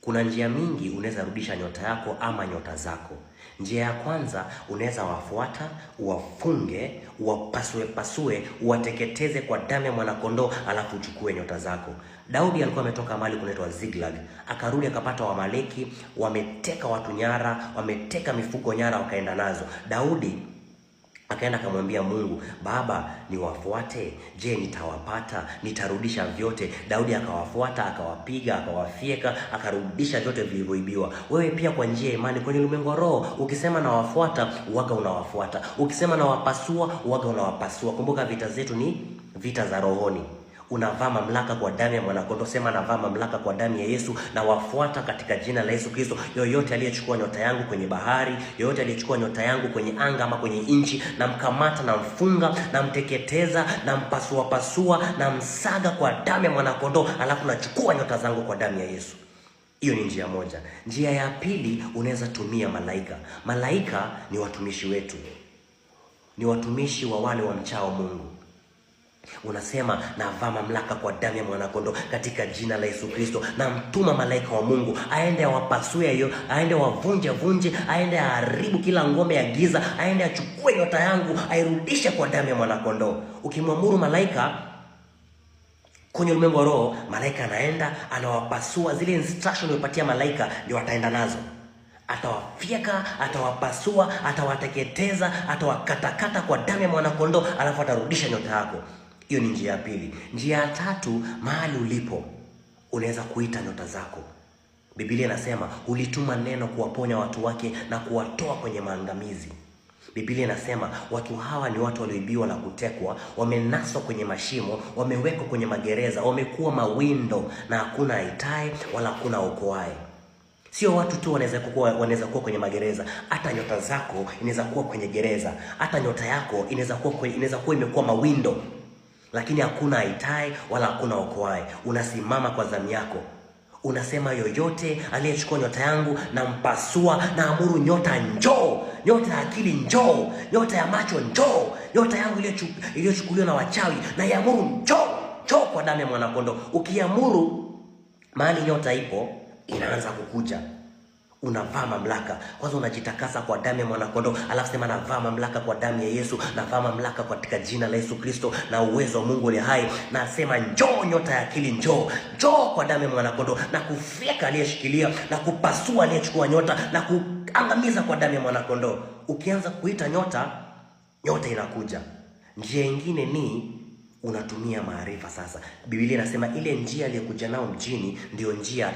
Kuna njia mingi unaweza rudisha nyota yako ama nyota zako. Njia ya kwanza unaweza wafuata, uwafunge, uwapasue pasue, uwateketeze kwa damu ya mwanakondoo, alafu uchukue nyota zako. Daudi alikuwa ametoka mahali kunaitwa ziglag akarudi akapata Wamaleki wameteka watu nyara, wameteka mifugo nyara, wakaenda nazo Daudi Akaenda akamwambia Mungu, Baba, niwafuate? Je, nitawapata? Nitarudisha vyote? Daudi akawafuata, akawapiga, akawafyeka, akarudisha vyote vilivyoibiwa. Wewe pia kwa njia ya imani kwenye ulimwengu wa roho, ukisema nawafuata, uwaga unawafuata, ukisema nawapasua, uwaga unawapasua. Kumbuka vita zetu ni vita za rohoni unavaa mamlaka kwa damu ya mwanakondo Sema navaa mamlaka kwa damu ya Yesu na wafuata katika jina la Yesu Kristo. Yoyote aliyechukua nyota yangu kwenye bahari, yoyote aliyechukua nyota yangu kwenye anga ama kwenye nchi, namkamata, namfunga, namteketeza, nampasuapasua, namsaga kwa damu ya mwanakondo alafu nachukua nyota zangu kwa damu ya Yesu. Hiyo ni njia moja. Njia ya pili, unaweza tumia malaika. Malaika ni watumishi wetu, ni watumishi wa wale wamchao Mungu. Unasema navaa mamlaka kwa damu ya mwanakondoo katika jina la Yesu Kristo, na mtuma malaika wa Mungu aende awapasue hiyo, aende awavunje vunje, aende aharibu kila ngome ya giza, aende achukue nyota yangu airudishe kwa damu ya mwanakondoo. Ukimwamuru malaika kwenye ulimwengu wa roho, malaika anaenda anawapasua. Zile instruction umepatia malaika ndio ataenda nazo atawafyeka atawapasua, atawateketeza, atawakatakata kwa damu ya mwanakondoo, alafu atarudisha nyota yako. Hiyo ni njia ya pili. Njia ya tatu, mahali ulipo unaweza kuita nyota zako. Biblia inasema ulituma neno kuwaponya watu wake na kuwatoa kwenye maangamizi. Biblia inasema watu hawa ni watu walioibiwa na kutekwa, wamenaswa kwenye mashimo, wamewekwa kwenye magereza, wamekuwa mawindo na hakuna aitaye wala hakuna okoaye. Sio watu tu wanaweza kuwa wanaweza kuwa kwenye magereza, hata nyota zako inaweza kuwa kwenye gereza, hata nyota yako inaweza kuwa inaweza kuwa imekuwa mawindo lakini hakuna aitaye wala hakuna okoaye. Unasimama kwa zamu yako, unasema yoyote aliyechukua nyota yangu nampasua, naamuru nyota njoo, nyota ya akili njoo, nyota ya macho njoo, nyota yangu iliyochukuliwa na wachawi naiamuru njoo, njoo kwa damu ya mwanakondoo. Ukiamuru mahali nyota ipo inaanza kukuja unavaa mamlaka kwanza, unajitakasa kwa damu ya mwanakondoo, alafu sema navaa mamlaka kwa damu ya Yesu, navaa mamlaka katika jina la Yesu Kristo na uwezo wa Mungu aliye hai, na njoo, nyota ya akili, njoo, njoo kwa damu ya mwanakondo na kufyeka aliyeshikilia, na kupasua aliyechukua nyota, na kuangamiza kwa damu ya mwanakondo Ukianza kuita nyota, nyota inakuja. Njia ingine ni unatumia maarifa. Sasa Biblia inasema ile njia aliyokuja nao mjini ndio njia